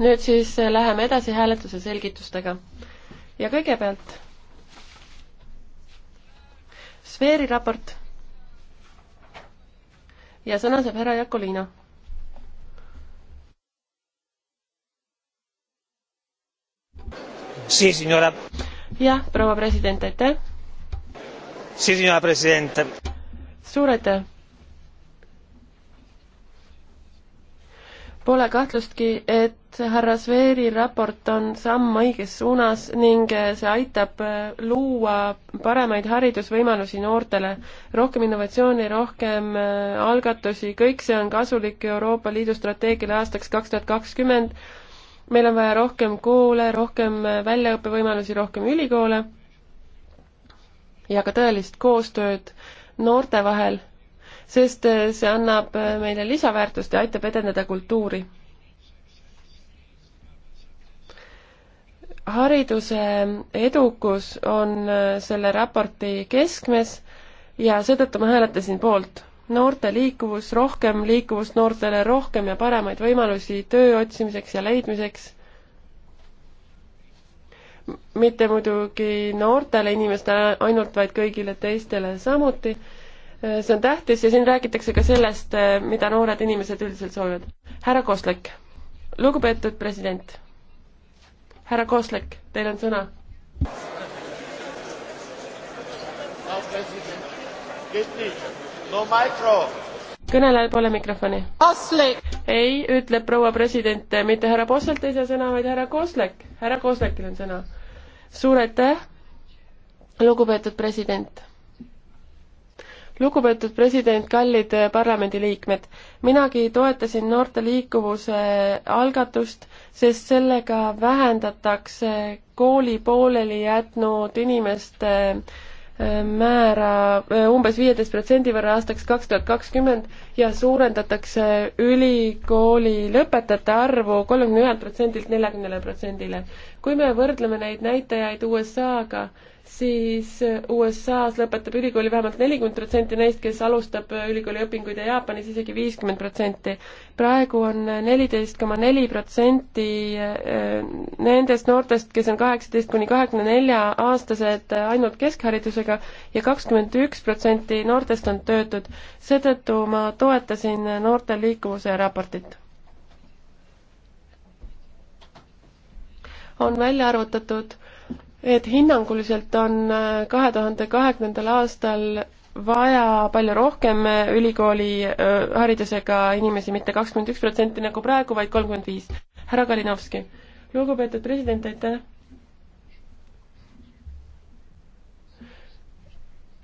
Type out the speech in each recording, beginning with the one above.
nüüd siis äh, läheme edasi hääletuse selgitustega. ja kõigepealt sfeeri raport. ja sõna saab härra Jakolino. jah, proua president, aitäh. suur aitäh Pole kahtlustki, et härra Sveeri raport on samm õiges suunas ning see aitab äh, luua paremaid haridusvõimalusi noortele. rohkem innovatsiooni, rohkem äh, algatusi, kõik see on kasulik Euroopa Liidu strateegiale aastaks kaks tuhat kakskümmend. meil on vaja rohkem koole, rohkem äh, väljaõppevõimalusi, rohkem ülikoole ja ka tõelist koostööd noorte vahel sest äh, see annab äh, meile lisaväärtust ja aitab edendada kultuuri. hariduse äh, edukus on selle raporti keskmes ja seetõttu ma hääletasin poolt noorte liikuvus, rohkem liikuvust noortele, rohkem ja paremaid võimalusi töö otsimiseks ja leidmiseks. mitte muidugi noortele inimestele ainult, vaid kõigile teistele samuti see on tähtis ja siin räägitakse ka sellest, mida noored inimesed üldiselt soovivad. härra Koslek, lugupeetud president, härra Koslek, teil on sõna. kõnelejal pole mikrofoni. ei, ütleb proua president, mitte härra Posselt ei saa sõna, vaid härra Koslek. härra Koslekil on sõna. suur aitäh, lugupeetud president lugupeetud president, kallid parlamendiliikmed, minagi toetasin noorte liikuvuse algatust, sest sellega vähendatakse kooli pooleli jätnud inimeste äh, määra äh, umbes viieteist protsendi võrra aastaks kaks tuhat kakskümmend ja suurendatakse ülikooli lõpetajate arvu kolmekümne ühelt protsendilt neljakümnele protsendile. kui me võrdleme neid näitajaid USA-ga, siis USA-s lõpetab ülikooli vähemalt nelikümmend protsenti neist, kes alustab ülikooliõpinguid ja Jaapanis isegi viiskümmend protsenti. praegu on neliteist koma neli protsenti äh, nendest noortest, kes on kaheksateist kuni kahekümne nelja aastased äh, ainult keskharidusega ja kakskümmend üks protsenti noortest on töötud. seetõttu ma toetasin noorte liikuvuse raportit. on välja arvutatud et hinnanguliselt on äh, kahe tuhande kahekümnendal aastal vaja palju rohkem äh, ülikooli äh, haridusega inimesi, mitte kakskümmend üks protsenti nagu praegu, vaid kolmkümmend viis. härra Kalinovski. lugupeetud president, aitäh!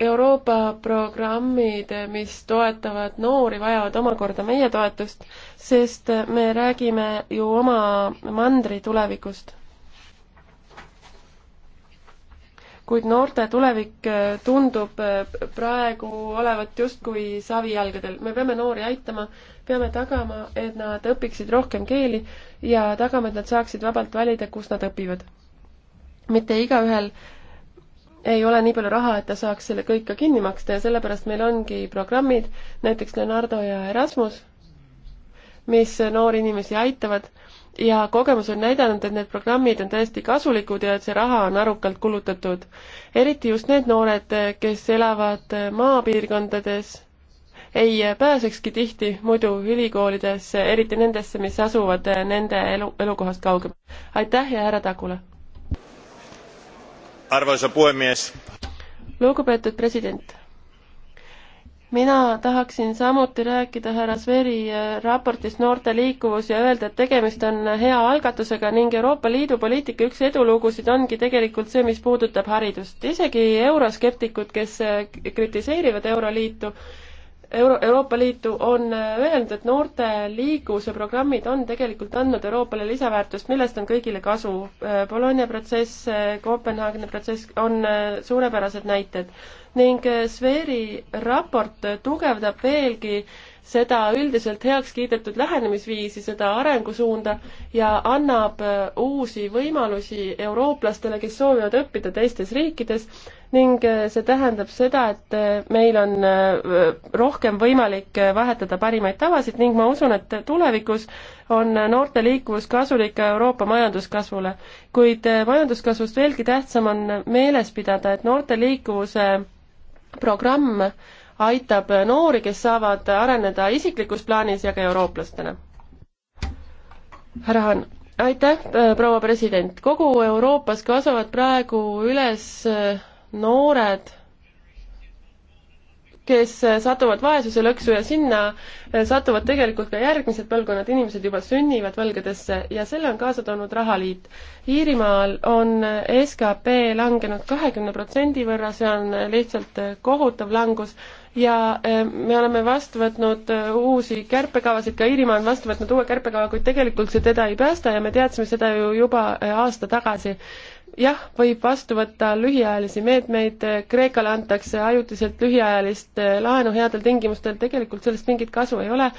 Euroopa programmid, mis toetavad noori, vajavad omakorda meie toetust, sest me räägime ju oma mandri tulevikust. kuid noorte tulevik äh, tundub äh, praegu olevat justkui savijalgadel. me peame noori aitama, peame tagama, et nad õpiksid rohkem keeli ja tagama, et nad saaksid vabalt valida, kus nad õpivad. mitte igaühel ei ole nii palju raha, et ta saaks selle kõik ka kinni maksta ja sellepärast meil ongi programmid, näiteks Leonardo ja Erasmus, mis noori inimesi aitavad ja kogemus on näidanud, et need programmid on täiesti kasulikud ja et see raha on arukalt kulutatud. eriti just need noored, kes elavad maapiirkondades, ei pääsekski tihti muidu ülikoolidesse, eriti nendesse, mis asuvad nende elu, elukohast kaugemal. aitäh ja härra Tagula! arvoisa puhemees! lugupeetud president! mina tahaksin samuti rääkida härra Sveri äh, raportist Noorte liikuvus ja öelda, et tegemist on hea algatusega ning Euroopa Liidu poliitika üks edulugusid ongi tegelikult see, mis puudutab haridust. isegi euroskeptikud, kes äh, kritiseerivad Euroliitu, Euro-, Euroopa Liitu, on äh, öelnud, et noorte liiguse programmid on tegelikult andnud Euroopale lisaväärtust, millest on kõigile kasu. Äh, Bologna protsess, äh, Kopenhaageni protsess on suurepärased näited. ning Sveeri raport tugevdab veelgi seda üldiselt heaks kiidetud lähenemisviisi, seda arengusuunda ja annab uusi võimalusi eurooplastele, kes soovivad õppida teistes riikides ning äh, see tähendab seda, et äh, meil on äh, rohkem võimalik vahetada parimaid tavasid ning ma usun, et tulevikus on noorte liikuvus kasulik ka Euroopa majanduskasvule. kuid majanduskasvust veelgi tähtsam on meeles pidada, et noorte liikuvuse programm aitab noori, kes saavad areneda isiklikus plaanis ja ka eurooplastena. härra Hann aitäh, proua president, kogu Euroopas kasvavad praegu üles noored, kes satuvad vaesuse lõksu ja sinna satuvad tegelikult ka järgmised põlvkonnad, inimesed juba sünnivad võlgadesse ja selle on kaasa toonud rahaliit. Iirimaal on skp langenud kahekümne protsendi võrra, see on lihtsalt kohutav langus ja eh, me oleme vastu võtnud eh, uusi kärpekavasid, ka Iirimaa on vastu võtnud uue kärpekava, kuid tegelikult see teda ei päästa ja me teadsime seda ju juba eh, aasta tagasi jah, võib vastu võtta lühiajalisi meetmeid, Kreekale antakse ajutiselt lühiajalist eh, laenu headel tingimustel, tegelikult sellest mingit kasu ei ole,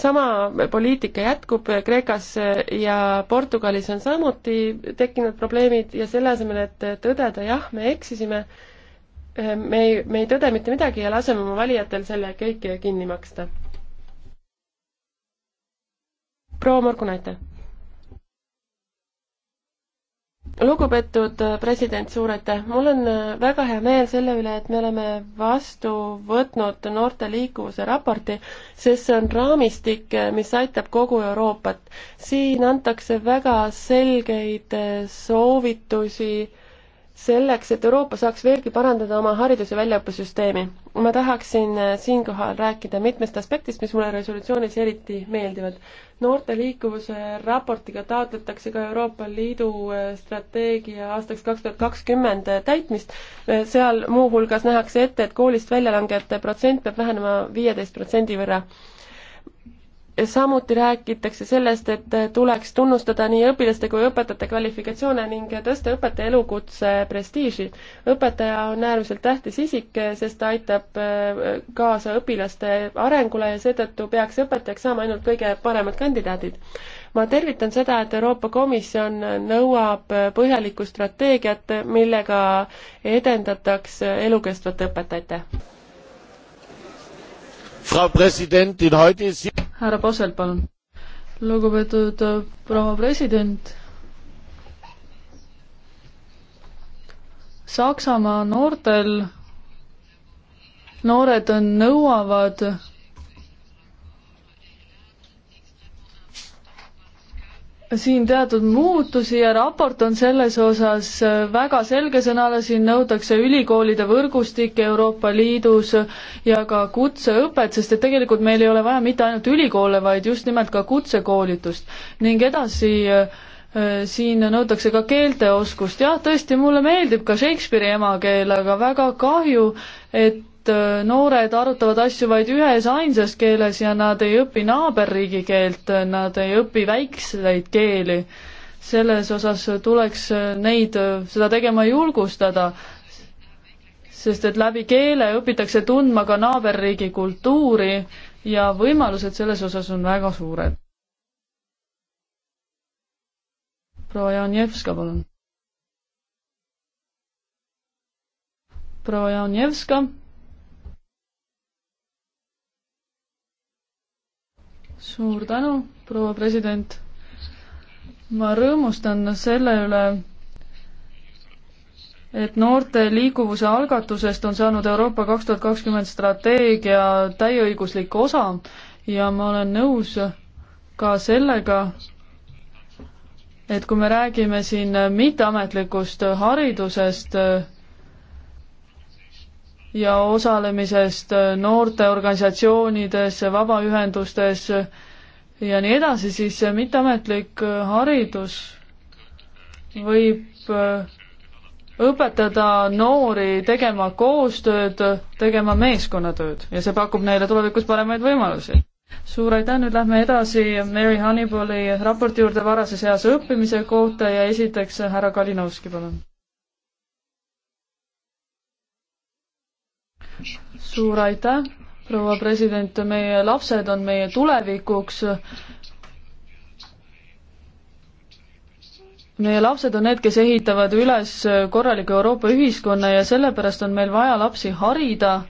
sama poliitika jätkub eh, Kreekas eh, ja Portugalis on samuti tekkinud probleemid ja selle asemel, et tõdeda jah, me eksisime, me ei, me ei tõde mitte midagi ja laseme oma valijatel selle kõik kinni maksta. proua Morgunaite lugupeetud president, suur aitäh! mul on äh, väga hea meel selle üle, et me oleme vastu võtnud noorte liikuvuse raporti, sest see on raamistik, äh, mis aitab kogu Euroopat. siin antakse väga selgeid äh, soovitusi selleks, et Euroopa saaks veelgi parandada oma haridus- ja väljaõppesüsteemi. ma tahaksin äh, siinkohal rääkida mitmest aspektist, mis mulle resolutsioonis eriti meeldivad. noorte liikuvuse raportiga taotletakse ka Euroopa Liidu äh, strateegia aastaks kaks tuhat kakskümmend äh, täitmist. seal muuhulgas nähakse ette, et koolist väljalangejate protsent peab vähenema viieteist protsendi võrra samuti räägitakse sellest, et tuleks tunnustada nii õpilaste kui õpetajate kvalifikatsioone ning tõsta õpetaja elukutse prestiiži. õpetaja on äärmiselt tähtis isik, sest ta aitab äh, kaasa õpilaste arengule ja seetõttu peaks õpetajaks saama ainult kõige paremad kandidaadid. ma tervitan seda, et Euroopa Komisjon nõuab põhjalikku strateegiat, millega edendataks elukestva õpetajate härra Posel, palun. lugupeetud äh, proua president. Saksamaa noortel, noored nõuavad siin teatud muutusi ja raport on selles osas äh, väga selgesõnaline, siin nõutakse ülikoolide võrgustikke Euroopa Liidus ja ka kutseõpet, sest et tegelikult meil ei ole vaja mitte ainult ülikoole, vaid just nimelt ka kutsekoolitust ning edasi äh, siin nõutakse ka keelteoskust, jah, tõesti, mulle meeldib ka Shakespeare'i emakeel, aga väga kahju, et et äh, noored arutavad asju vaid ühes ainsas keeles ja nad ei õpi naaberriigi keelt, nad ei õpi väikseid keeli. selles osas tuleks äh, neid äh, seda tegema julgustada, sest et läbi keele õpitakse tundma ka naaberriigi kultuuri ja võimalused selles osas on väga suured. proua Janjevska, palun. proua Janjevska suur tänu, proua president. ma rõõmustan selle üle, et noorte liikuvuse algatusest on saanud Euroopa kaks tuhat kakskümmend strateegia täieõiguslik osa ja ma olen nõus ka sellega, et kui me räägime siin mitteametlikust haridusest, ja osalemisest noorteorganisatsioonides, vabaühendustes ja nii edasi, siis mitteametlik haridus võib äh, õpetada noori tegema koostööd, tegema meeskonnatööd ja see pakub neile tulevikus paremaid võimalusi. suur aitäh, nüüd lähme edasi Mary Honeyballi raporti juurde varases eas õppimise kohta ja esiteks härra Kalinovski, palun suur aitäh, proua president, meie lapsed on meie tulevikuks. meie lapsed on need, kes ehitavad üles korraliku Euroopa ühiskonna ja sellepärast on meil vaja lapsi harida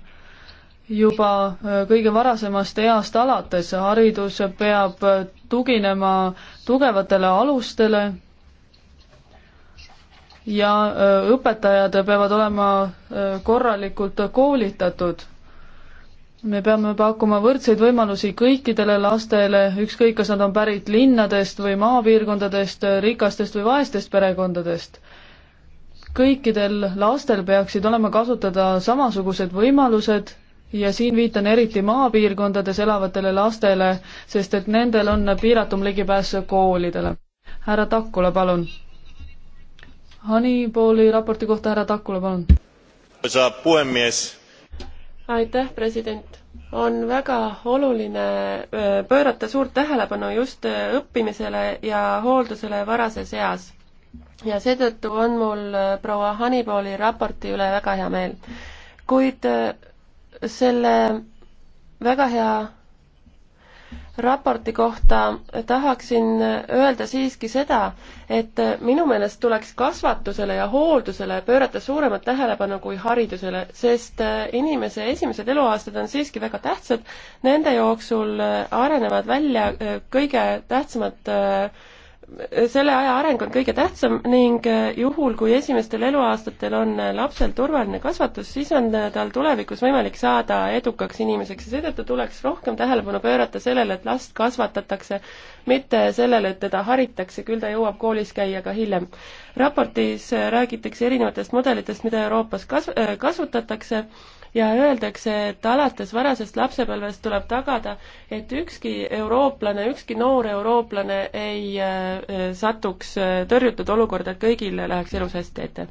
juba äh, kõige varasemast east alates. haridus peab tuginema tugevatele alustele ja äh, õpetajad peavad olema äh, korralikult koolitatud. me peame pakkuma võrdseid võimalusi kõikidele lastele, ükskõik, kas nad on pärit linnadest või maapiirkondadest, äh, rikastest või vaestest perekondadest. kõikidel lastel peaksid olema kasutada samasugused võimalused ja siin viitan eriti maapiirkondades elavatele lastele, sest et nendel on piiratum ligipääs koolidele. härra Takula, palun Honeyballi raporti kohta härra Takula, palun. arvoisa puhemies. aitäh, president. on väga oluline pöörata suurt tähelepanu just õppimisele ja hooldusele varases eas. ja seetõttu on mul proua Honeyballi raporti üle väga hea meel. kuid selle väga hea raporti kohta tahaksin öelda siiski seda, et minu meelest tuleks kasvatusele ja hooldusele pöörata suuremat tähelepanu kui haridusele, sest inimese esimesed eluaastad on siiski väga tähtsad, nende jooksul arenevad välja kõige tähtsamad äh, selle aja areng on kõige tähtsam ning eh, juhul, kui esimestel eluaastatel on eh, lapsel turvaline kasvatus, siis on eh, tal tulevikus võimalik saada edukaks inimeseks ja seetõttu tuleks rohkem tähelepanu pöörata sellele, et last kasvatatakse, mitte sellele, et teda haritakse, küll ta jõuab koolis käia ka hiljem. raportis räägitakse erinevatest mudelitest, mida Euroopas kas-, kasutatakse ja öeldakse, et alates varasest lapsepõlvest tuleb tagada, et ükski eurooplane, ükski noor eurooplane ei äh, satuks äh, tõrjutud olukorda, et kõigil läheks elus hästi, aitäh!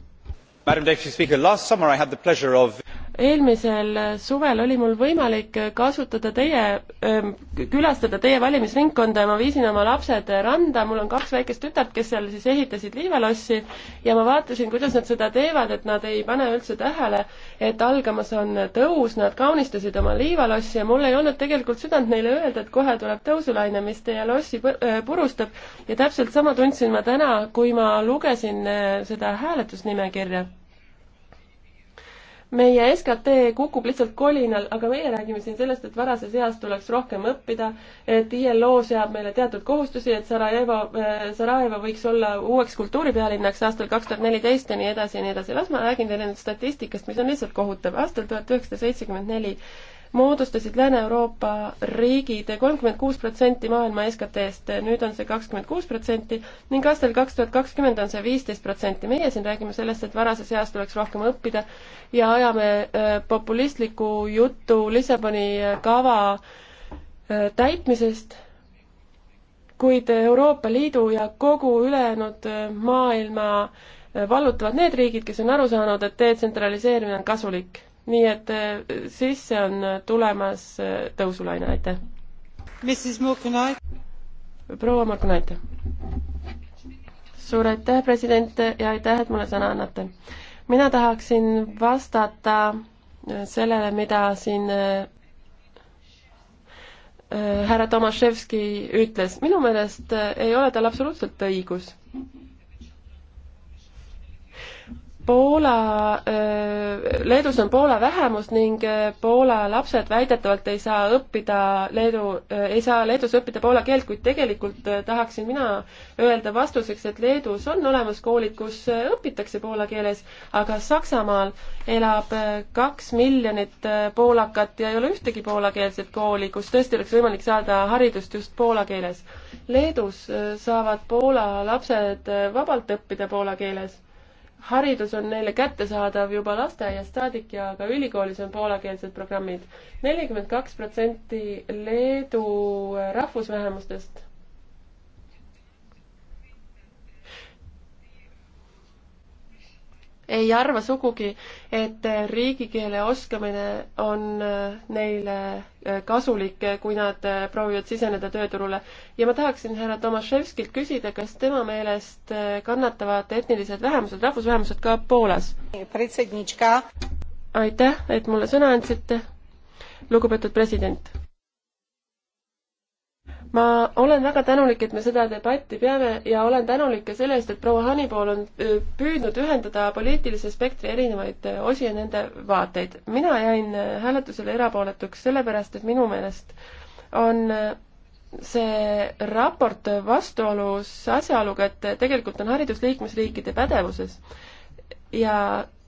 eelmisel suvel oli mul võimalik kasutada teie, ähm, külastada teie valimisringkonda ja ma viisin oma lapsed randa, mul on kaks väikest tütart, kes seal siis ehitasid liivalossi ja ma vaatasin, kuidas nad seda teevad, et nad ei pane üldse tähele, et algamas on tõus, nad kaunistasid oma liivalossi ja mul ei olnud tegelikult südant neile öelda, et kohe tuleb tõusulaine, mis teie lossi äh, purustab ja täpselt sama tundsin ma täna, kui ma lugesin äh, seda hääletusnimekirja meie SKT kukub lihtsalt kolinal, aga meie räägime siin sellest, et varases eas tuleks rohkem õppida, et ILO seab meile teatud kohustusi, et Sarajevo, äh, Sarajevo võiks olla uueks kultuuripealinnaks aastal kaks tuhat neliteist ja nii edasi ja nii edasi. las ma räägin teile nüüd statistikast, mis on lihtsalt kohutav. aastal tuhat üheksasada seitsekümmend neli moodustasid Lääne-Euroopa riigid kolmkümmend kuus protsenti maailma SKT-st, nüüd on see kakskümmend kuus protsenti ning aastal kaks tuhat kakskümmend on see viisteist protsenti. meie siin räägime sellest, et varases eas tuleks rohkem õppida ja ajame äh, populistlikku juttu Lissaboni äh, kava äh, täitmisest, kuid Euroopa Liidu ja kogu ülejäänud maailma vallutavad need riigid, kes on aru saanud, et detsentraliseerimine on kasulik nii et eh, sisse on eh, tulemas eh, tõusulaine, aitäh. proua Markonaite. suur aitäh, president, ja aitäh, et mulle sõna annate. mina tahaksin vastata sellele, mida siin härra Tomaševski ütles. minu meelest ei ole tal absoluutselt õigus Poola, Leedus on Poola vähemus ning Poola lapsed väidetavalt ei saa õppida Leedu, ei saa Leedus õppida poola keelt, kuid tegelikult tahaksin mina öelda vastuseks, et Leedus on olemas koolid, kus õpitakse poola keeles, aga Saksamaal elab kaks miljonit poolakat ja ei ole ühtegi poolakeelset kooli, kus tõesti oleks võimalik saada haridust just poola keeles. Leedus saavad Poola lapsed vabalt õppida poola keeles haridus on neile kättesaadav juba lasteaiast saadik ja ka ülikoolis on poolakeelsed programmid. nelikümmend kaks protsenti Leedu rahvusvähemustest ei arva sugugi, et riigikeele oskamine on äh, neile äh, kasulik, äh, kui nad proovivad siseneda tööturule. ja ma tahaksin härra Tomaševskilt küsida, kas tema meelest kannatavad etnilised vähemused, rahvusvähemused ka Poolas? aitäh, et mulle sõna andsite, lugupeetud president ma olen väga tänulik, et me seda debatti peame ja olen tänulik ka selle eest, et proua Hanipool on püüdnud ühendada poliitilise spektri erinevaid osi ja nende vaateid. mina jäin hääletusele erapooletuks sellepärast, et minu meelest on see raport vastuolus asjaoluga, et tegelikult on haridus liikmesriikide pädevuses ja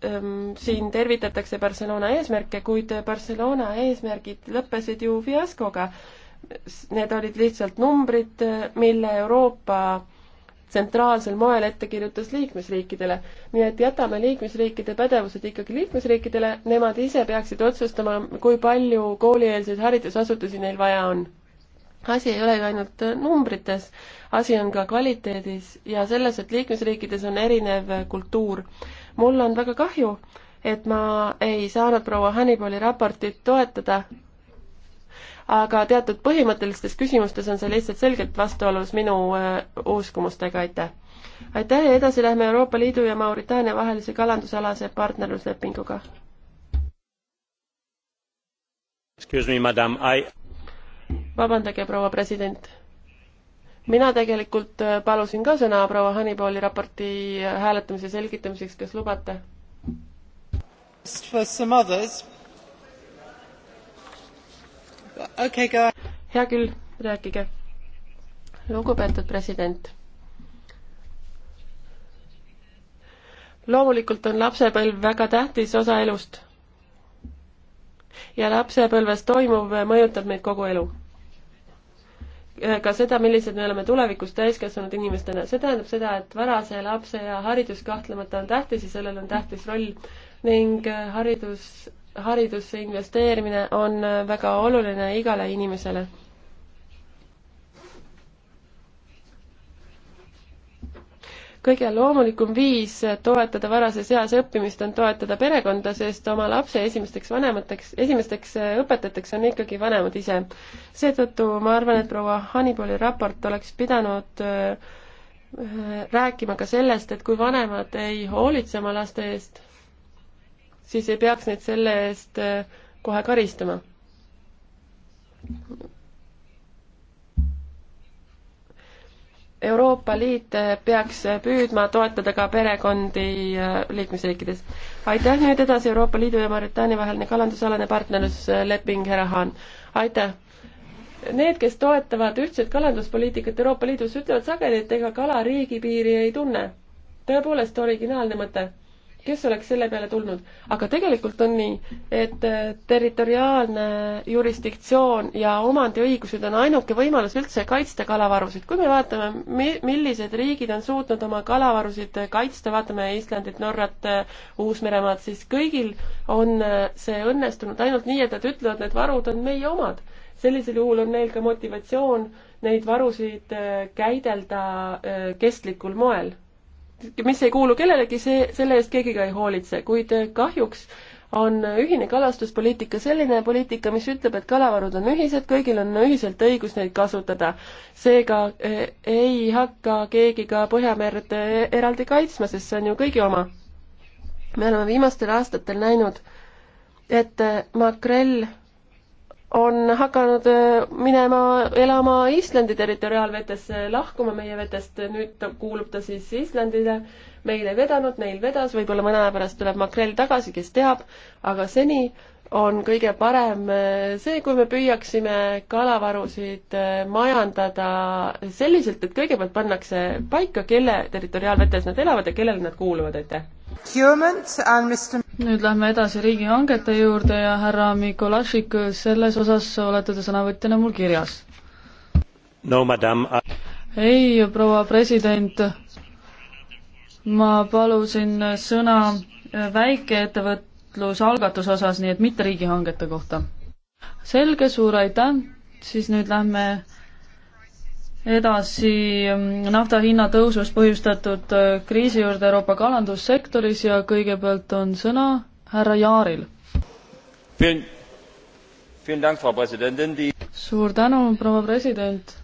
ähm, siin tervitatakse Barcelona eesmärke, kuid Barcelona eesmärgid lõppesid ju fiaskoga need olid lihtsalt numbrid, mille Euroopa tsentraalsel moel ette kirjutas liikmesriikidele. nii et jätame liikmesriikide pädevused ikkagi liikmesriikidele, nemad ise peaksid otsustama, kui palju koolieelseid haridusasutusi neil vaja on. asi ei ole ju ainult numbrites, asi on ka kvaliteedis ja selles, et liikmesriikides on erinev kultuur. mul on väga kahju, et ma ei saanud proua Hannibali raportit toetada, aga teatud põhimõttelistes küsimustes on see lihtsalt selgelt vastuolus minu äh, uskumustega, aitäh! aitäh ja edasi lähme Euroopa Liidu ja Mauritaania vahelise kalandusalase partnerluslepinguga. Excuse me, madam, I vabandage, proua president. mina tegelikult äh, palusin ka sõna proua Hannibooli raporti äh, hääletamise selgitamiseks, kas lubate? okay, go. hea küll, rääkige. lugupeetud president. loomulikult on lapsepõlv väga tähtis osa elust. ja lapsepõlves toimuv mõjutab meid kogu elu. ka seda, millised me oleme tulevikus täiskasvanud inimestena, see tähendab seda, et varase lapse ja haridus kahtlemata on tähtis ja sellel on tähtis roll ning haridus haridusse investeerimine on väga oluline igale inimesele. kõige loomulikum viis toetada varases eas õppimist on toetada perekonda, sest oma lapse esimesteks vanemateks, esimesteks õpetajateks on ikkagi vanemad ise. seetõttu ma arvan, et proua Hannibali raport oleks pidanud äh, rääkima ka sellest, et kui vanemad ei hoolitse oma laste eest, siis ei peaks neid selle eest äh, kohe karistama. Euroopa Liit äh, peaks äh, püüdma toetada ka perekondi liikmesriikides. aitäh, nüüd edasi Euroopa Liidu ja Mauritaania vaheline kalandusalane partnerlusleping, härra Haan. aitäh! Need, kes toetavad ühtset kalanduspoliitikat Euroopa Liidus, ütlevad sageli, et ega kala riigipiiri ei tunne. tõepoolest originaalne mõte kes oleks selle peale tulnud. aga tegelikult on nii, et äh, territoriaalne jurisdiktsioon ja omandiõigused on ainuke võimalus üldse kaitsta kalavarusid. kui me vaatame, millised riigid on suutnud oma kalavarusid äh, kaitsta, vaatame Islandit, Norrat, äh, Uus-Meremaad, siis kõigil on see õnnestunud ainult nii, et nad ütlevad, need varud on meie omad. sellisel juhul on neil ka motivatsioon neid varusid käidelda kestlikul moel mis ei kuulu kellelegi, see, selle eest keegi ka ei hoolitse, kuid äh, kahjuks on ühine kalastuspoliitika selline poliitika, mis ütleb, et kalavarud on ühised, kõigil on ühiselt õigus neid kasutada. seega äh, ei hakka keegi ka Põhjamerd äh, eraldi kaitsma, sest see on ju kõigi oma. me oleme viimastel aastatel näinud, et makrell on hakanud äh, minema elama Islandi territoriaalvetesse, lahkuma meie vetest, nüüd kuulub ta siis Islandile. meil ei vedanud, neil vedas, võib-olla mõne aja pärast tuleb makrell tagasi, kes teab, aga seni on kõige parem äh, see, kui me püüaksime kalavarusid äh, majandada selliselt, et kõigepealt pannakse paika, kelle territoriaalvetes nad elavad ja kellele nad kuuluvad, aitäh nüüd lähme edasi riigihangete juurde ja härra Mikolašik, selles osas olete te sõnavõtjana mul kirjas. no madam I... ei, proua president, ma palusin sõna väikeettevõtlusalgatuse osas, nii et mitte riigihangete kohta. selge, suur aitäh, siis nüüd lähme edasi mm, nafta hinna tõusust põhjustatud äh, kriisi juurde Euroopa kalandussektoris ja kõigepealt on sõna härra Jaaril. suur tänu, proua president.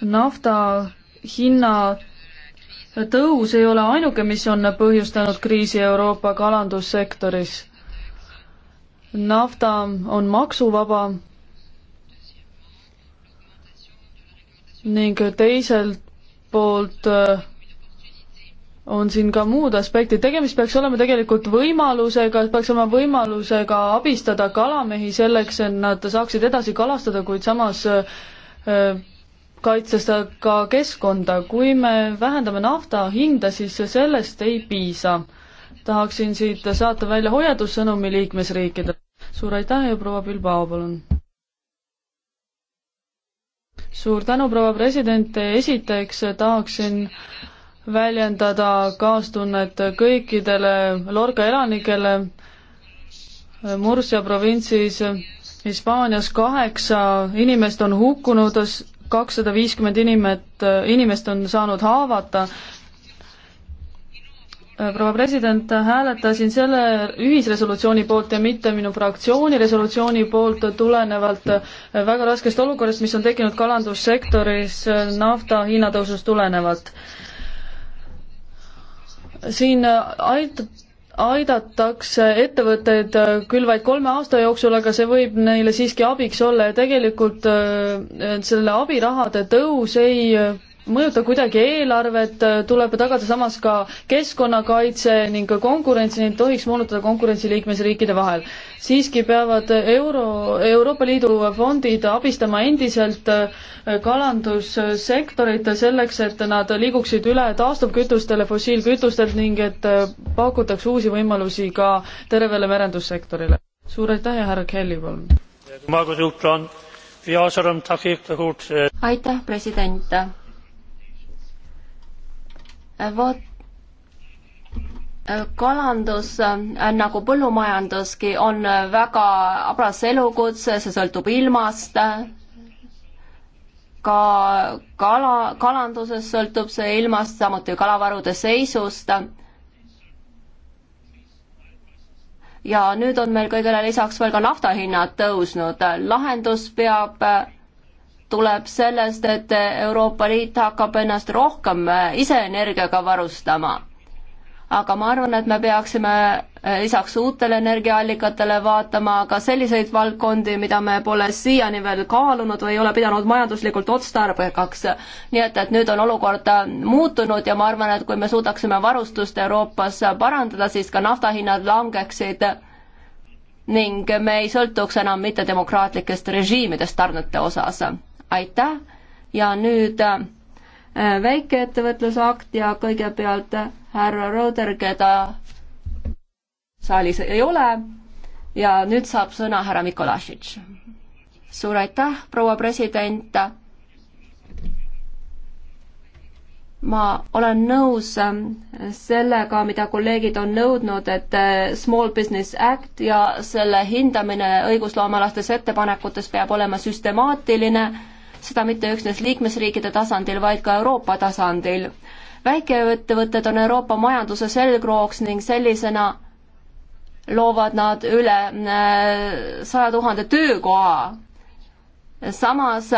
nafta hinna tõus ei ole ainuke, mis on põhjustanud kriisi Euroopa kalandussektoris. nafta on maksuvaba ning teiselt poolt äh, on siin ka muud aspektid, tegemist peaks olema tegelikult võimalusega, peaks olema võimalusega abistada kalamehi selleks, et nad saaksid edasi kalastada, kuid samas äh, kaitses ka keskkonda, kui me vähendame nafta hinda, siis sellest ei piisa. tahaksin siit saata välja hoiatussõnumi liikmesriikidele. suur aitäh ja proua Bilbao, palun! suur tänu, proua president, esiteks tahaksin väljendada kaastunnet kõikidele Lorca elanikele Murcia provintsis Hispaanias kaheksa inimest on hukkunud, kakssada viiskümmend inimet, inimest on saanud haavata Äh, proua president, hääletasin selle ühisresolutsiooni poolt ja mitte minu fraktsiooni resolutsiooni poolt tulenevalt äh, väga raskest olukorrast, mis on tekkinud kalandussektoris äh, nafta hinnatõusust tulenevalt. siin ait-, aidatakse ettevõtteid küll vaid kolme aasta jooksul, aga see võib neile siiski abiks olla ja tegelikult selle abirahade tõus ei mõjuta kuidagi eelarvet, tuleb tagada samas ka keskkonnakaitse ning konkurentsi, neid ei tohiks moonutada konkurentsi liikmesriikide vahel. siiski peavad euro, Euroopa Liidu fondid abistama endiselt äh, kalandussektorit selleks, et nad liiguksid üle taastuvkütustele, fossiilkütustelt ning et äh, pakutaks uusi võimalusi ka tervele merendussektorile. suur aitäh ja härra Kelly, palun! Äh, aitäh, president! vot kalandus äh, nagu põllumajanduski on äh, väga habras elukutse, see sõltub ilmast, ka kala, kalanduses sõltub see ilmast, samuti kalavarude seisust ja nüüd on meil kõigele lisaks veel ka nafta hinnad tõusnud. lahendus peab äh, tuleb sellest, et Euroopa Liit hakkab ennast rohkem äh, ise energiaga varustama. aga ma arvan, et me peaksime äh, lisaks uutele energiaallikatele vaatama ka selliseid valdkondi, mida me pole siiani veel kaalunud või ei ole pidanud majanduslikult otstarbekaks. nii et, et nüüd on olukord äh, muutunud ja ma arvan, et kui me suudaksime varustust Euroopas parandada, siis ka naftahinnad langeksid ning me ei sõltuks enam mittedemokraatlikest režiimidest tarnete osas aitäh ja nüüd äh, väikeettevõtluse akt ja kõigepealt äh, härra Roder, keda saalis ei ole. ja nüüd saab sõna härra Mikolašitš. suur aitäh, proua president. ma olen nõus ähm, sellega, mida kolleegid on nõudnud, et äh, Small Business Act ja selle hindamine õigusloomealastes ettepanekutes peab olema süstemaatiline seda mitte üksnes liikmesriikide tasandil, vaid ka Euroopa tasandil. väikeettevõtted on Euroopa majanduse selgrooks ning sellisena loovad nad üle äh, saja tuhande töökoha. samas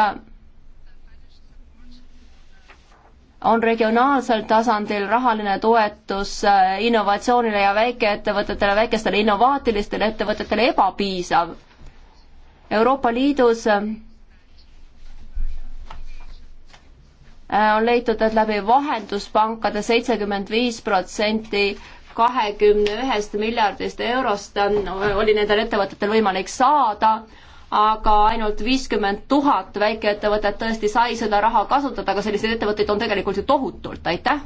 on regionaalsel tasandil rahaline toetus äh, innovatsioonile ja väikeettevõtetele, väikestele innovaatilistele ettevõtetele ebapiisav. Euroopa Liidus äh, Äh, on leitud, et läbi vahenduspankade seitsekümmend viis protsenti kahekümne ühest miljardist eurost oli nendel ettevõtetel võimalik saada, aga ainult viiskümmend tuhat väikeettevõtet tõesti sai seda raha kasutada, aga selliseid ettevõtteid on tegelikult ju tohutult, aitäh!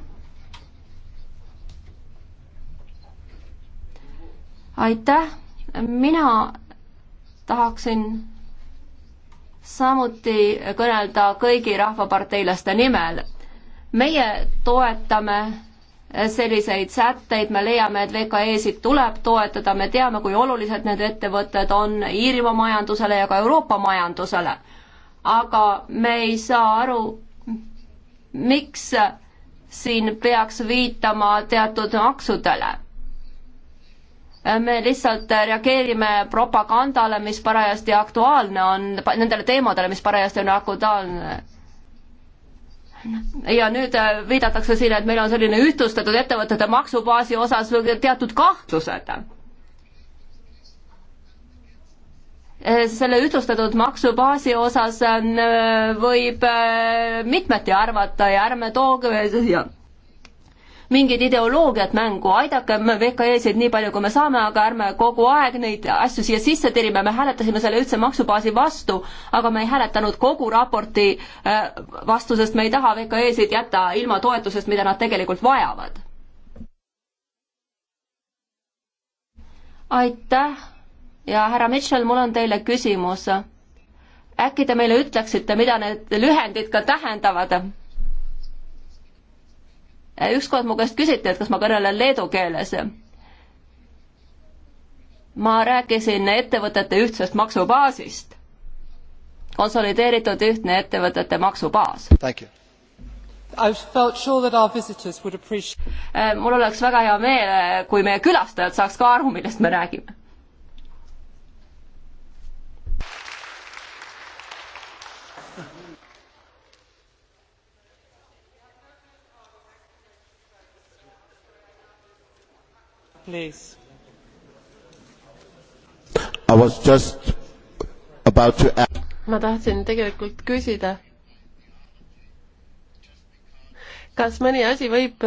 aitäh, mina tahaksin samuti kõnelda kõigi rahvaparteilaste nimel. meie toetame selliseid sätteid, me leiame, et VKE-sid tuleb toetada, me teame, kui olulised need ettevõtted on Iirimaa majandusele ja ka Euroopa majandusele. aga me ei saa aru, miks siin peaks viitama teatud maksudele me lihtsalt äh, reageerime propagandale, mis parajasti aktuaalne on, nendele teemadele, mis parajasti on aktuaalne. ja nüüd äh, viidatakse siin, et meil on selline ühtlustatud ettevõtete maksubaasi osas teatud kahtlused. Äh, selle ühtlustatud maksubaasi osas võib mitmeti arvata ja ärme tooge ja mingit ideoloogiat mängu, aidakem VKE-sid nii palju, kui me saame, aga ärme kogu aeg neid asju siia sisse tirime, me hääletasime selle üldse maksubaasi vastu, aga me ei hääletanud kogu raporti äh, vastu, sest me ei taha VKE-sid jätta ilma toetusest, mida nad tegelikult vajavad. aitäh ja härra Mitchell, mul on teile küsimus äkki te meile ütleksite, mida need lühendid ka tähendavad? ükskord mu käest küsiti, et kas ma kõnelen leedu keeles. ma rääkisin ettevõtete ühtsest maksubaasist. konsolideeritud ühtne ettevõtete maksubaas. Sure äh, mul oleks väga hea meel, äh, kui meie külastajad saaks ka aru, millest me räägime please. I was just about to ask. ma tahtsin tegelikult küsida, kas mõni asi võib,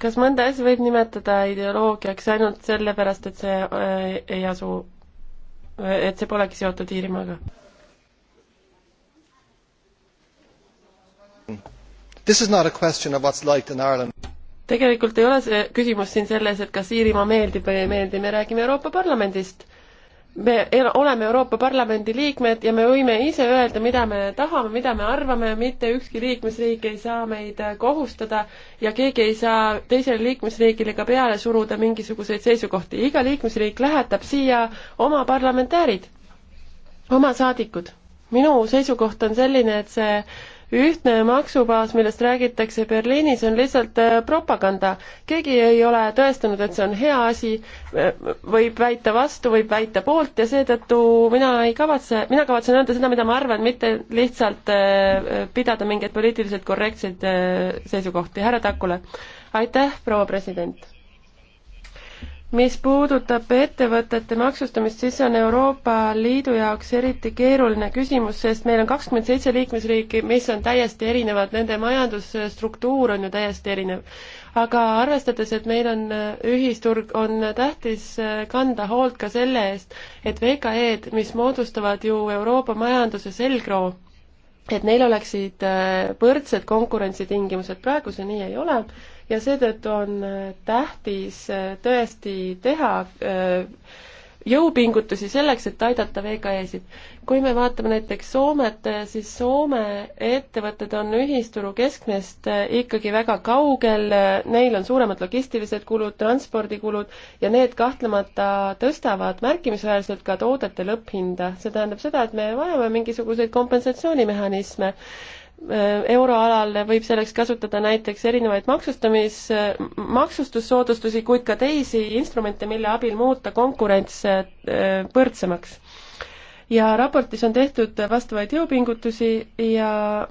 kas mõnda asja võib nimetada ideoloogiaks ainult sellepärast, et see äh, ei asu, äh, et see polegi seotud Iirimaaga? This is not a question of what's liked in Ireland tegelikult ei ole see küsimus siin selles, et kas Iirimaa meeldib või ei meeldi, me räägime Euroopa Parlamendist. me oleme Euroopa Parlamendi liikmed ja me võime ise öelda, mida me tahame, mida me arvame, mitte ükski liikmesriik ei saa meid kohustada ja keegi ei saa teisele liikmesriigile ka peale suruda mingisuguseid seisukohti. iga liikmesriik lähetab siia oma parlamentäärid, oma saadikud. minu seisukoht on selline, et see ühtne maksubaas, millest räägitakse Berliinis, on lihtsalt äh, propaganda. keegi ei ole tõestanud, et see on hea asi, äh, võib väita vastu, võib väita poolt ja seetõttu mina ei kavatse, mina kavatsen öelda seda, mida ma arvan, mitte lihtsalt äh, pidada mingeid poliitiliselt korrektseid seisukohti. härra Takula, aitäh, proua president! mis puudutab ettevõtete maksustamist, siis see on Euroopa Liidu jaoks eriti keeruline küsimus, sest meil on kakskümmend seitse liikmesriiki, mis on täiesti erinevad, nende majandusstruktuur on ju täiesti erinev. aga arvestades, et meil on äh, ühisturg, on tähtis äh, kanda hoolt ka selle eest, et VKE-d, mis moodustavad ju Euroopa majanduse selgroo, et neil oleksid äh, võrdsed konkurentsitingimused, praegu see nii ei ole ja seetõttu on äh, tähtis äh, tõesti teha äh, jõupingutusi selleks, et aidata VKE-sid. kui me vaatame näiteks Soomet, siis Soome ettevõtted on ühisturu keskmest ikkagi väga kaugel, neil on suuremad logistilised kulud, transpordikulud ja need kahtlemata tõstavad märkimisväärselt ka toodete lõpphinda. see tähendab seda, et me vajame mingisuguseid kompensatsioonimehhanisme euroalal võib selleks kasutada näiteks erinevaid maksustamis, maksustussoodustusi, kuid ka teisi instrumente, mille abil muuta konkurents äh, võrdsemaks. ja raportis on tehtud vastavaid jõupingutusi ja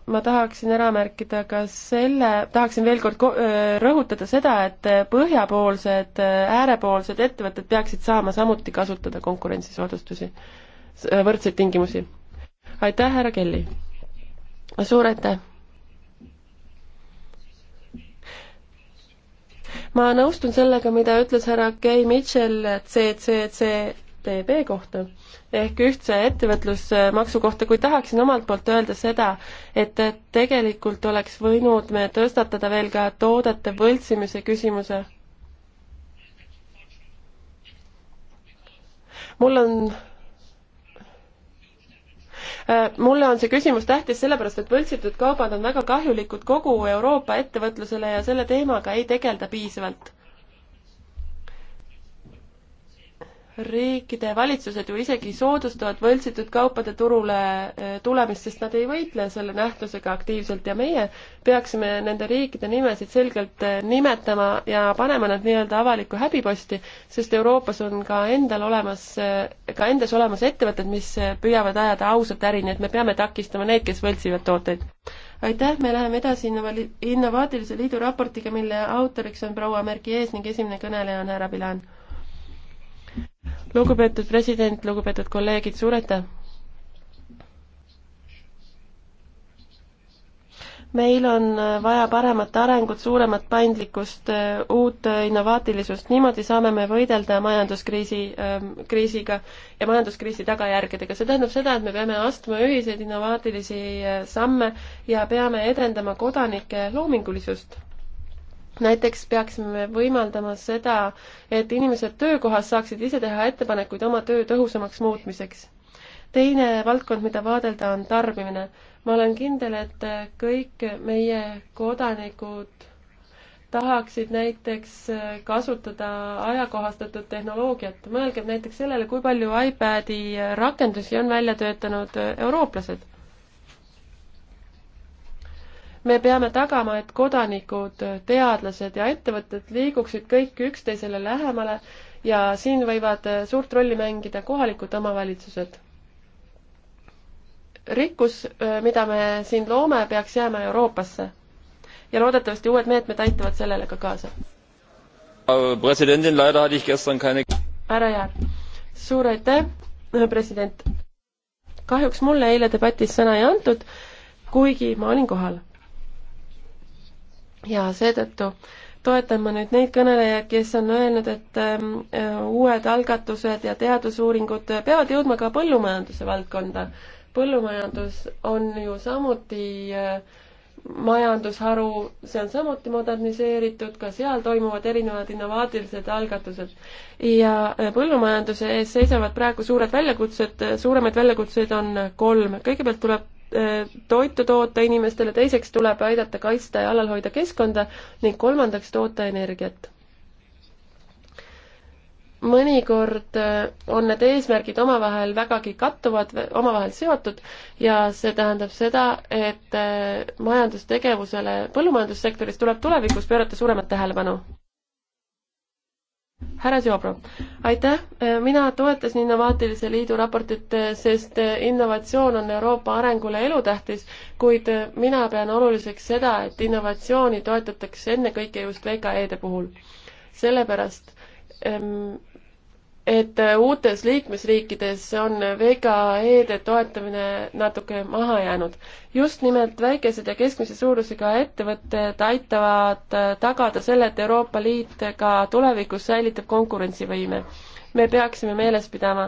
ma tahaksin ära märkida ka selle, tahaksin veel kord äh, rõhutada seda, et põhjapoolsed, äh, äärepoolsed ettevõtted peaksid saama samuti kasutada konkurentsisoodustusi, võrdseid tingimusi. aitäh, härra Kelly! suur aitäh! ma nõustun sellega, mida ütles härra Gay Mitchell CCCTB kohta ehk ühtse ettevõtlusmaksu kohta, kuid tahaksin omalt poolt öelda seda, et tegelikult oleks võinud me tõstatada veel ka toodete võltsimise küsimuse. mul on Äh, mulle on see küsimus tähtis sellepärast, et võltsitud kaubad on väga kahjulikud kogu Euroopa ettevõtlusele ja selle teemaga ei tegelda piisavalt riikide valitsused ju isegi soodustavad võltsitud kaupade turule eh, tulemist, sest nad ei võitle selle nähtusega aktiivselt ja meie peaksime nende riikide nimesid selgelt eh, nimetama ja panema nad nii-öelda avalikku häbiposti, sest Euroopas on ka endal olemas, eh, ka endas olemas ettevõtted, mis püüavad ajada ausat äri, nii et me peame takistama neid, kes võltsivad tooteid. aitäh, me läheme edasi innova-, Innovaatilise Liidu raportiga, mille autoriks on proua Merki Ees ning esimene kõneleja on härra Pilan lugupeetud president, lugupeetud kolleegid, suur aitäh! meil on äh, vaja paremat arengut, suuremat paindlikkust, äh, uut äh, innovaatilisust, niimoodi saame me võidelda majanduskriisi, ähm, kriisiga ja majanduskriisi tagajärgedega. see tähendab seda, et me peame astuma ühiseid innovaatilisi samme ja peame edendama kodanike loomingulisust näiteks peaksime võimaldama seda, et inimesed töökohas saaksid ise teha ettepanekuid oma töö tõhusamaks muutmiseks. teine valdkond, mida vaadelda, on tarbimine. ma olen kindel, et kõik meie kodanikud tahaksid näiteks kasutada ajakohastatud tehnoloogiat. mõelgem näiteks sellele, kui palju iPadi rakendusi on välja töötanud eurooplased me peame tagama, et kodanikud, teadlased ja ettevõtted liiguksid kõik üksteisele lähemale ja siin võivad suurt rolli mängida kohalikud omavalitsused. rikkus, mida me siin loome, peaks jääma Euroopasse ja loodetavasti uued meetmed aitavad sellele ka kaasa. presidendil, leider hatte ich gestern keine ära jääb. suur aitäh, president. kahjuks mulle eile debatis sõna ei antud, kuigi ma olin kohal ja seetõttu toetan ma nüüd neid kõnelejaid, kes on öelnud, et ähm, äh, uued algatused ja teadusuuringud peavad jõudma ka põllumajanduse valdkonda. põllumajandus on ju samuti äh, majandusharu, see on samuti moderniseeritud, ka seal toimuvad erinevad innovaatilised algatused. ja äh, põllumajanduse ees seisavad praegu suured väljakutsed, suuremaid väljakutseid on kolm. kõigepealt tuleb Äh, toitu toota inimestele, teiseks tuleb aidata kaitsta ja alal hoida keskkonda ning kolmandaks toota energiat. mõnikord äh, on need eesmärgid omavahel vägagi kattuvad, omavahel seotud ja see tähendab seda, et äh, majandustegevusele põllumajandussektoris tuleb tulevikus pöörata suuremat tähelepanu härra Siobro, aitäh, mina toetasin Innovaatilise Liidu raportit, sest innovatsioon on Euroopa arengule elutähtis, kuid mina pean oluliseks seda, et innovatsiooni toetatakse ennekõike just VKE-de puhul. sellepärast ähm, et äh, uutes liikmesriikides on VKE-de toetamine natuke maha jäänud. just nimelt väikesed ja keskmise suurusega ettevõtted aitavad äh, tagada selle, et Euroopa Liit ka tulevikus säilitab konkurentsivõime me peaksime meeles pidama,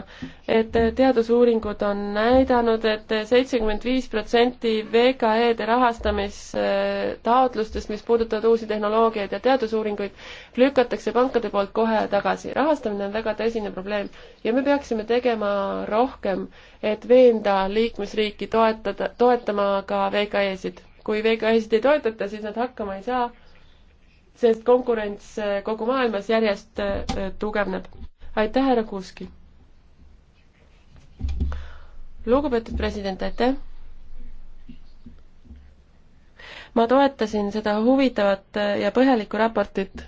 et teadusuuringud on näidanud et, et seitsekümmend viis protsenti VKE-de rahastamistaotlustest, mis puudutavad uusi tehnoloogiaid ja teadusuuringuid, lükatakse pankade poolt kohe tagasi. rahastamine on väga tõsine probleem ja me peaksime tegema rohkem, et veenda liikmesriiki toetada, toetama ka VKE-sid. kui VKE-sid ei toetata, siis nad hakkama ei saa sest konkurents kogu maailmas järjest äh, tugevneb aitäh, härra Kuuski. lugupeetud president, aitäh. ma toetasin seda huvitavat ja põhjalikku raportit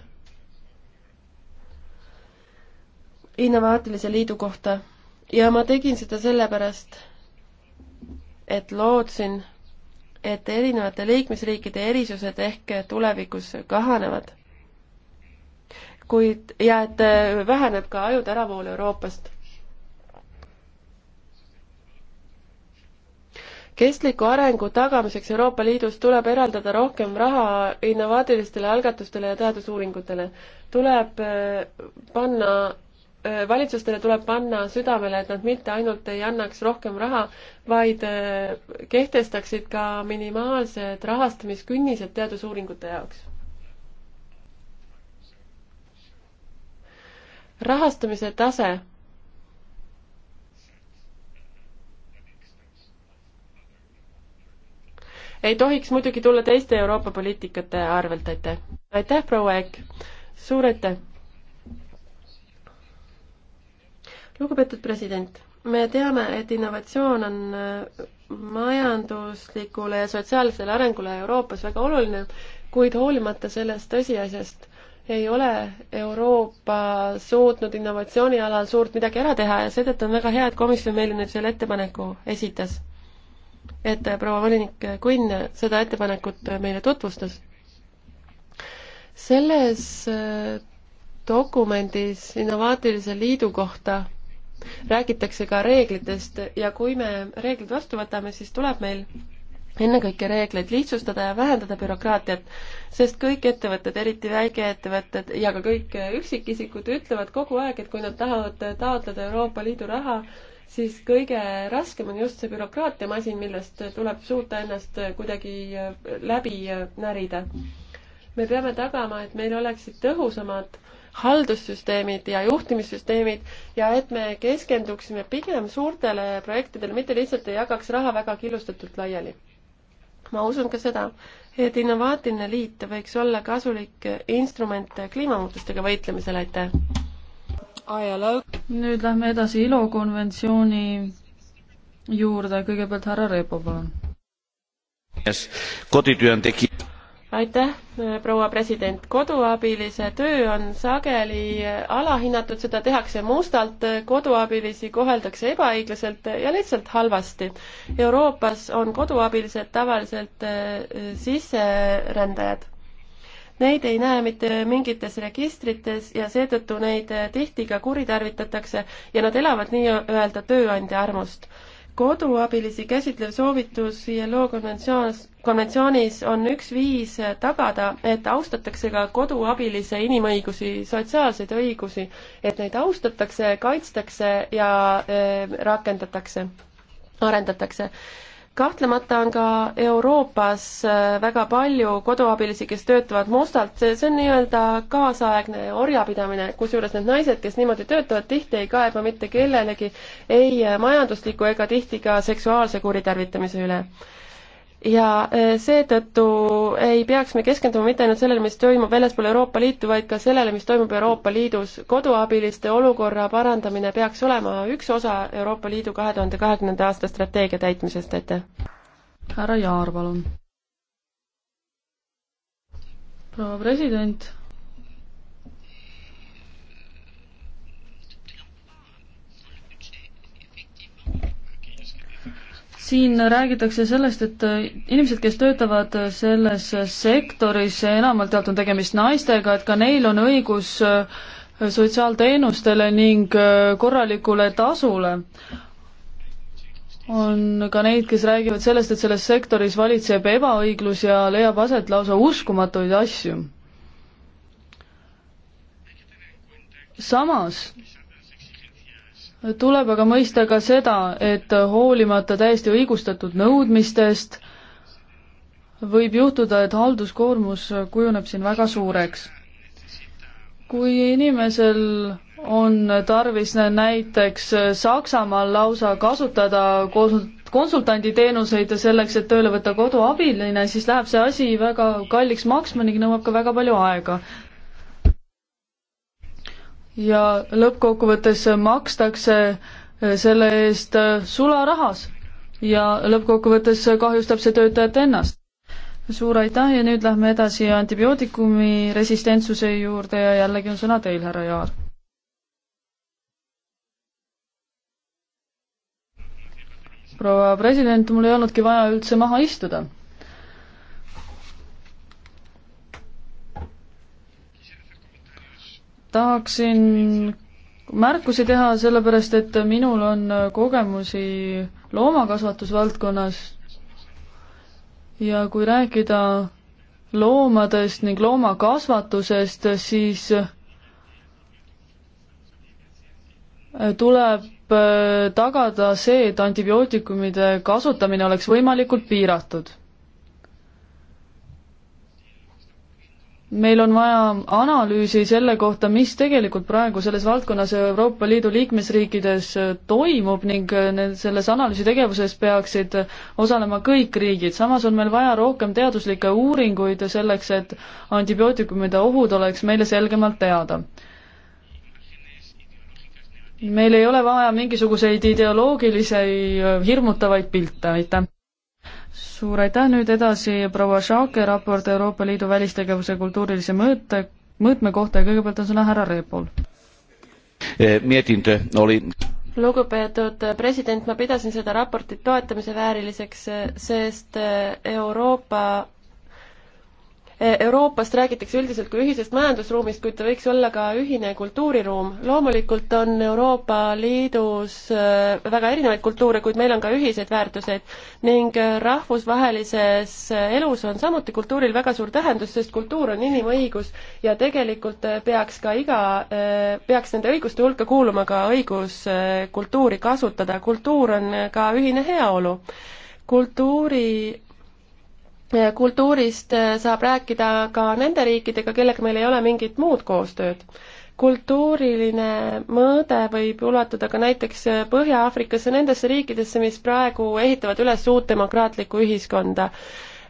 innovaatilise liidu kohta ja ma tegin seda sellepärast, et lootsin, et erinevate liikmesriikide erisused ehk tulevikus kahanevad kuid, ja et äh, väheneb ka ajude äravool Euroopast. kestliku arengu tagamiseks Euroopa Liidus tuleb eraldada rohkem raha innovaatilistele algatustele ja teadusuuringutele. tuleb äh, panna äh, valitsustele tuleb panna südamele, et nad mitte ainult ei annaks rohkem raha, vaid kehtestaksid ka minimaalsed rahastamiskünnised teadusuuringute jaoks rahastamise tase ei tohiks muidugi tulla teiste Euroopa poliitikate arvelt, aitäh. aitäh, proua Eek, suur aitäh. lugupeetud president, me teame, et innovatsioon on äh, majanduslikule ja sotsiaalsele arengule Euroopas väga oluline, kuid hoolimata sellest tõsiasjast ei ole Euroopa suutnud innovatsiooni alal suurt midagi ära teha ja seetõttu on väga hea, et komisjon meile nüüd selle ettepaneku esitas. et äh, proua volinik Kunn seda ettepanekut äh, meile tutvustas. selles äh, dokumendis Innovaatilise Liidu kohta räägitakse ka reeglitest ja kui me reeglid vastu võtame, siis tuleb meil ennekõike reegleid lihtsustada ja vähendada bürokraatiat, sest kõik ettevõtted, eriti väikeettevõtted ja ka kõik üksikisikud ütlevad kogu aeg, et kui nad tahavad taotleda Euroopa Liidu raha, siis kõige raskem on just see bürokraatiamasin, millest tuleb suuta ennast kuidagi läbi närida. me peame tagama, et meil oleksid tõhusamad haldussüsteemid ja juhtimissüsteemid ja et me keskenduksime pigem suurtele projektidele, mitte lihtsalt ei jagaks raha väga killustatult laiali ma usun ka seda, et innovaatiline liit võiks olla kasulik instrument kliimamuutustega võitlemisel, aitäh! nüüd lähme edasi ILO konventsiooni juurde, kõigepealt härra Repo, palun. kotitööntekijad aitäh, proua president. koduabilise töö on sageli alahinnatud, seda tehakse mustalt, koduabilisi koheldakse ebaõiglaselt ja lihtsalt halvasti. Euroopas on koduabilised tavaliselt äh, sisserändajad. Neid ei näe mitte mingites registrites ja seetõttu neid äh, tihti ka kuritarvitatakse ja nad elavad nii-öelda tööandja armust koduabilisi käsitlev soovitus ILO konventsioonis konventsioonis on üks viis tagada, et austatakse ka koduabilise inimõigusi, sotsiaalseid õigusi, et neid austatakse, kaitstakse ja eh, rakendatakse, arendatakse kahtlemata on ka Euroopas eh, väga palju koduabilisi, kes töötavad mustalt, see, see on nii-öelda kaasaegne orjapidamine, kusjuures need naised, kes niimoodi töötavad, tihti ei kaeba mitte kellelegi ei eh, majandusliku ega tihti ka seksuaalse kuritarvitamise üle ja äh, seetõttu ei peaks me keskenduma mitte ainult sellele, mis toimub väljaspool Euroopa Liitu, vaid ka sellele, mis toimub Euroopa Liidus. koduabiliste olukorra parandamine peaks olema üks osa Euroopa Liidu kahe tuhande kahekümnenda aasta strateegia täitmisest, aitäh! härra Jaar, palun! proua president, siin räägitakse sellest, et äh, inimesed, kes töötavad äh, selles äh, sektoris, enamalt jaolt on tegemist naistega, et ka neil on õigus sotsiaalteenustele ning korralikule tasule. on ka neid, kes räägivad sellest, et selles sektoris valitseb ebaõiglus ja leiab aset lausa uskumatuid asju. samas tuleb aga mõista ka seda, et hoolimata täiesti õigustatud nõudmistest võib juhtuda, et halduskoormus kujuneb siin väga suureks. kui inimesel on tarvis näiteks Saksamaal lausa kasutada konsultanditeenuseid selleks, et tööle võtta koduabiline, siis läheb see asi väga kalliks maksma ning nõuab ka väga palju aega ja lõppkokkuvõttes makstakse eh, selle eest eh, sularahas ja lõppkokkuvõttes kahjustab see töötajat ennast. suur aitäh ja nüüd lähme edasi antibiootikumi resistentsuse juurde ja jällegi on sõna teil, härra Jaar. proua president, mul ei olnudki vaja üldse maha istuda tahaksin märkusi teha, sellepärast et minul on kogemusi loomakasvatusvaldkonnas ja kui rääkida loomadest ning loomakasvatusest, siis tuleb äh, tagada see, et antibiootikumide kasutamine oleks võimalikult piiratud meil on vaja analüüsi selle kohta, mis tegelikult praegu selles valdkonnas Euroopa Liidu liikmesriikides äh, toimub ning äh, selles analüüsitegevuses peaksid osalema kõik riigid. samas on meil vaja rohkem teaduslikke uuringuid selleks, et antibiootikumide ohud oleks meile selgemalt teada. meil ei ole vaja mingisuguseid ideoloogilisi äh, hirmutavaid pilte, aitäh! suur aitäh, nüüd edasi proua Šake raport Euroopa Liidu välistegevuse kultuurilise mõõte, mõõtme kohta ja kõigepealt on sõna härra Reepol. Eh, Mietintö oli lugupeetud president, ma pidasin seda raportit toetamise vääriliseks, eh, sest eh, Euroopa Euroopast räägitakse üldiselt kui ühisest majandusruumist, kuid ta võiks olla ka ühine kultuuriruum. loomulikult on Euroopa Liidus äh, väga erinevaid kultuure, kuid meil on ka ühiseid väärtuseid ning äh, rahvusvahelises äh, elus on samuti kultuuril väga suur tähendus, sest kultuur on inimõigus ja tegelikult peaks ka iga, peaks nende õiguste hulka kuuluma ka õigus kultuuri kasutada. kultuur on ka ühine heaolu kultuuri kultuurist äh, saab rääkida ka nende riikidega, kellega meil ei ole mingit muud koostööd. kultuuriline mõõde võib ulatuda ka näiteks äh, Põhja-Aafrikasse, nendesse riikidesse, mis praegu ehitavad üles uut demokraatlikku ühiskonda.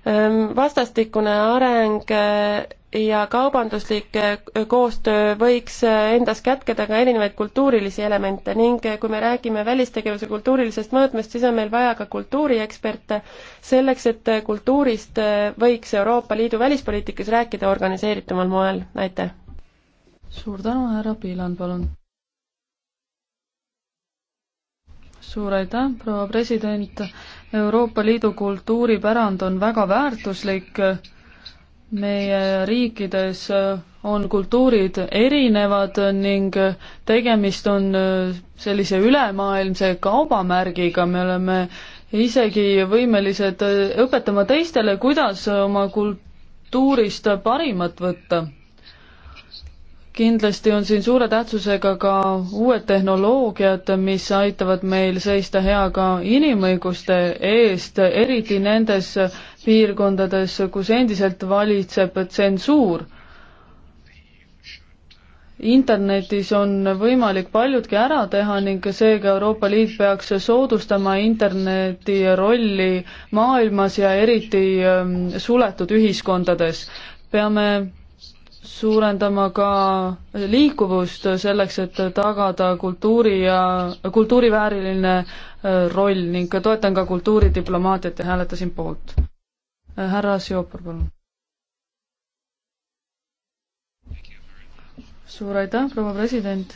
Ehm, vastastikune areng eh, ja kaubanduslik eh, koostöö võiks eh, endas kätkeda ka erinevaid kultuurilisi elemente ning kui me räägime välistegevuse kultuurilisest mõõtmest, siis on meil vaja ka kultuurieksperte selleks, et kultuurist võiks Euroopa Liidu välispoliitikas rääkida organiseeritumal moel, aitäh! suur tänu, härra Piilan, palun! suur aitäh, proua president! Euroopa Liidu kultuuripärand on väga väärtuslik, meie riikides on kultuurid erinevad ning tegemist on sellise ülemaailmse kaubamärgiga, me oleme isegi võimelised õpetama teistele, kuidas oma kultuurist parimat võtta kindlasti on siin suure tähtsusega ka uued tehnoloogiad, mis aitavad meil seista hea ka inimõiguste eest, eriti nendes piirkondades, kus endiselt valitseb tsensuur. internetis on võimalik paljudki ära teha ning seega Euroopa Liit peaks soodustama interneti rolli maailmas ja eriti ähm, suletud ühiskondades. peame suurendama ka liikuvust selleks, et tagada kultuuri ja kultuurivääriline äh, roll ning toetan ka kultuuridiplomaatiat ja hääletasin poolt. Äh, härra Siopar, palun. suur aitäh, proua president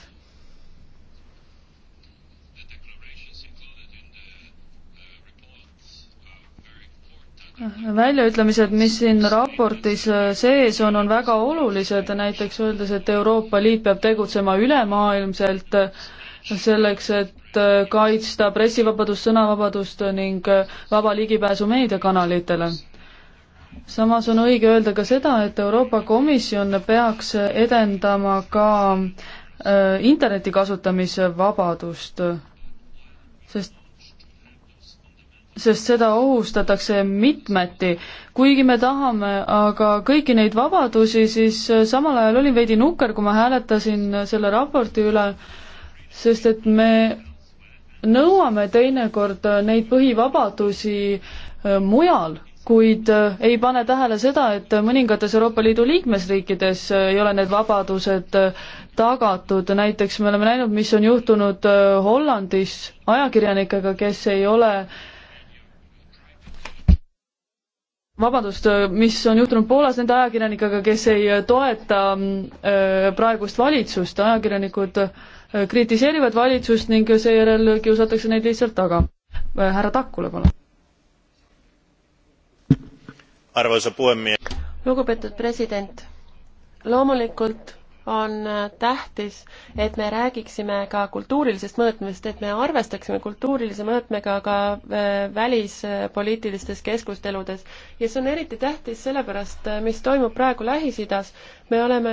väljaütlemised, mis siin raportis äh, sees on, on väga olulised, näiteks öeldes, et Euroopa Liit peab tegutsema ülemaailmselt äh, selleks, et äh, kaitsta pressivabadust, sõnavabadust ning vaba ligipääsu meediakanalitele. samas on õige öelda ka seda, et Euroopa Komisjon peaks edendama ka interneti kasutamise vabadust sest seda ohustatakse mitmeti. kuigi me tahame aga kõiki neid vabadusi, siis äh, samal ajal olin veidi nukker, kui ma hääletasin äh, selle raporti üle, sest et me nõuame teinekord äh, neid põhivabadusi mujal, kuid ei pane tähele seda, et mõningates Euroopa Liidu liikmesriikides ei ole need vabadused tagatud, näiteks me oleme näinud, mis on juhtunud Hollandis ajakirjanikega, kes ei ole äh, vabandust, äh, mis on juhtunud Poolas nende ajakirjanikega, kes ei äh, toeta mm, äh, praegust valitsust, ajakirjanikud kritiseerivad valitsust ning seejärel kiusatakse neid lihtsalt taga. härra Takula, palun. arvoisa puhemies. lugupeetud president, loomulikult on äh, tähtis, et me räägiksime ka kultuurilisest mõõtmest, et me arvestaksime kultuurilise mõõtmega ka äh, välispoliitilistes keskusteludes. ja see on eriti tähtis sellepärast, äh, mis toimub praegu Lähis-Idas. me oleme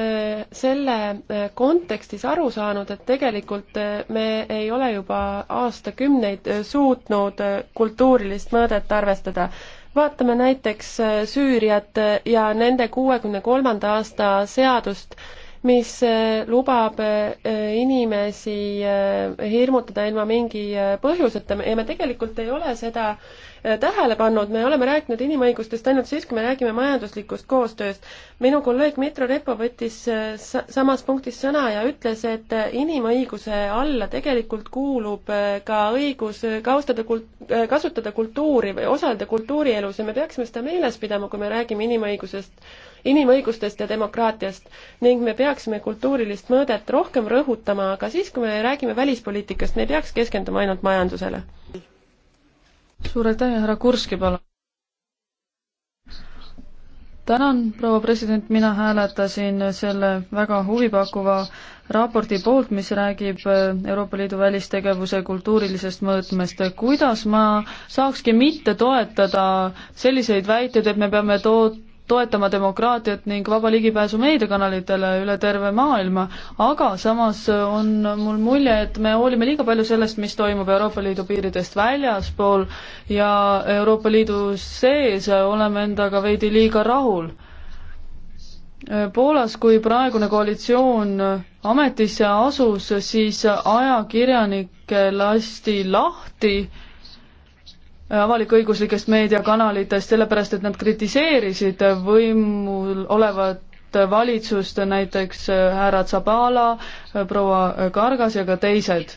selle kontekstis aru saanud, et tegelikult me ei ole juba aastakümneid suutnud kultuurilist mõõdet arvestada vaatame näiteks Süüriat ja nende kuuekümne kolmanda aasta seadust, mis äh, lubab äh, inimesi äh, hirmutada ilma mingi põhjuseta ja me tegelikult ei ole seda Äh, tähele pannud, me oleme rääkinud inimõigustest ainult siis, kui me räägime majanduslikust koostööst. minu kolleeg Mitro Repo võttis äh, sa-, samas punktis sõna ja ütles, et äh, inimõiguse alla tegelikult kuulub ka õigus kaustada kult-, kasutada kultuuri või osaleda kultuurielus ja me peaksime seda meeles pidama, kui me räägime inimõigusest inimõigustest ja demokraatiast ning me peaksime kultuurilist mõõdet rohkem rõhutama, aga siis, kui me räägime välispoliitikast, me ei peaks keskenduma ainult majandusele suur aitäh, härra Kurski, palun. tänan, proua president, mina hääletasin selle väga huvipakkuva raporti poolt, mis räägib Euroopa Liidu välistegevuse kultuurilisest mõõtmest. kuidas ma saakski mitte toetada selliseid väiteid, et me peame toot-, toetama demokraatiat ning vaba ligipääsu meediakanalitele üle terve maailma, aga samas on mul mulje, et me hoolime liiga palju sellest, mis toimub Euroopa Liidu piiridest väljaspool ja Euroopa Liidu sees oleme endaga veidi liiga rahul. Poolas, kui praegune koalitsioon ametisse asus, siis ajakirjanikke lasti lahti avalik-õiguslikest meediakanalitest, sellepärast et nad kritiseerisid võimul olevat valitsust, näiteks äh, härra Zabala, äh, proua äh, Kargas ja ka teised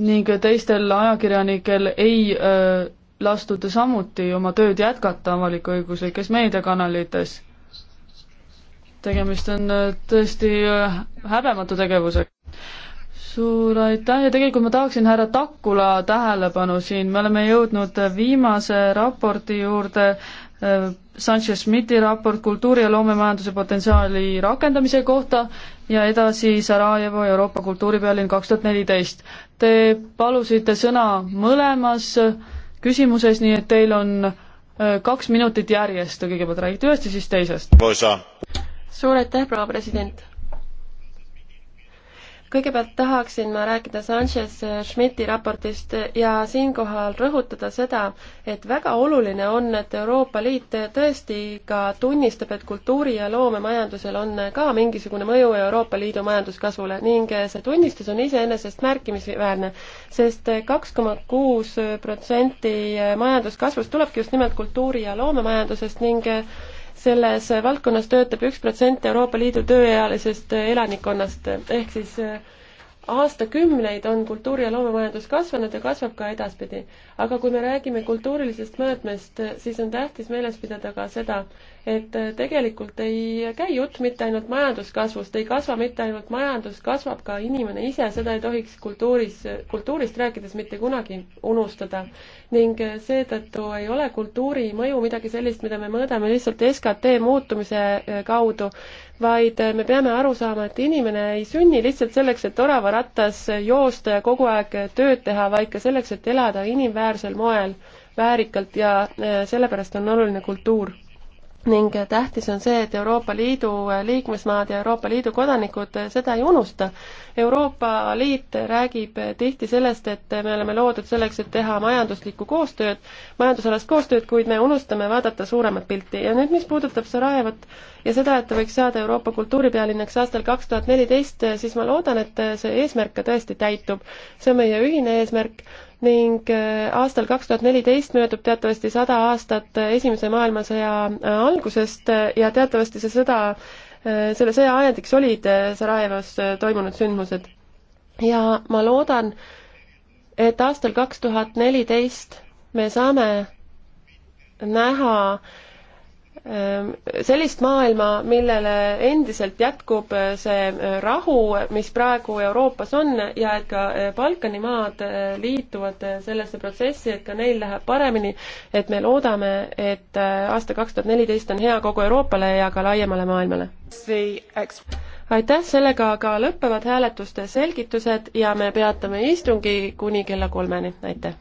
ning teistel ajakirjanikel ei öö, lastud samuti oma tööd jätkata avalik-õiguslikes meediakanalites. tegemist on tõesti häbematu tegevusega suur aitäh ja tegelikult ma tahaksin härra Takula tähelepanu siin, me oleme jõudnud viimase raporti juurde, äh, Sanchez-Schmidti raport kultuuri ja loomemajanduse potentsiaali rakendamise kohta ja edasi Sarajevo Euroopa kultuuripealinn kaks tuhat neliteist. Te palusite sõna mõlemas äh, küsimuses, nii et teil on äh, kaks minutit järjest, kõigepealt räägite ühest ja siis teisest. suur aitäh, proua president kõigepealt tahaksin ma rääkida Sanchez-Schmidti eh, raportist ja siinkohal rõhutada seda, et väga oluline on, et Euroopa Liit tõesti ka tunnistab, et kultuuri- ja loomemajandusel on ka mingisugune mõju Euroopa Liidu majanduskasvule ning see tunnistus on iseenesest märkimisväärne sest, sest kaks koma kuus protsenti majanduskasvust tulebki just nimelt kultuuri- ja loomemajandusest ning selles valdkonnas töötab üks protsent Euroopa Liidu tööealisest elanikkonnast ehk siis aastakümneid on kultuuri- ja loomemajandus kasvanud ja kasvab ka edaspidi. aga kui me räägime kultuurilisest mõõtmest, siis on tähtis meeles pidada ka seda, et tegelikult ei käi jutt mitte ainult majanduskasvust, ei kasva mitte ainult majandus, kasvab ka inimene ise, seda ei tohiks kultuuris, kultuurist rääkides mitte kunagi unustada. ning seetõttu ei ole kultuuri mõju midagi sellist, mida me mõõdame lihtsalt SKT muutumise kaudu vaid me peame aru saama, et inimene ei sünni lihtsalt selleks, et oravarattas joosta ja kogu aeg tööd teha, vaid ka selleks, et elada inimväärsel moel, väärikalt ja eh, sellepärast on oluline kultuur ning tähtis on see, et Euroopa Liidu liikmesmaad ja Euroopa Liidu kodanikud seda ei unusta. Euroopa Liit räägib tihti sellest, et me oleme loodud selleks, et teha majanduslikku koostööd, majandusalast koostööd, kuid me unustame vaadata suuremat pilti ja nüüd, mis puudutab Sarajevat ja seda, et ta võiks saada Euroopa kultuuripealinnaks aastal kaks tuhat neliteist, siis ma loodan, et see eesmärk ka tõesti täitub. see on meie ühine eesmärk ning äh, aastal kaks tuhat neliteist möödub teatavasti sada aastat äh, Esimese maailmasõja äh, algusest ja teatavasti see sõda, selle sõja ajendiks olid Sarajevos toimunud sündmused. ja ma loodan, et aastal kaks tuhat neliteist me saame näha äh, Ehm, sellist maailma, millele endiselt jätkub eh, see eh, rahu, mis praegu Euroopas on ja et ka eh, Balkani maad liituvad sellesse protsessi, et ka neil läheb paremini, et me loodame, et aasta kaks tuhat neliteist on hea kogu Euroopale ja ka laiemale maailmale. aitäh, sellega ka lõpevad hääletuste selgitused ja me peatame istungi kuni kella kolmeni, aitäh!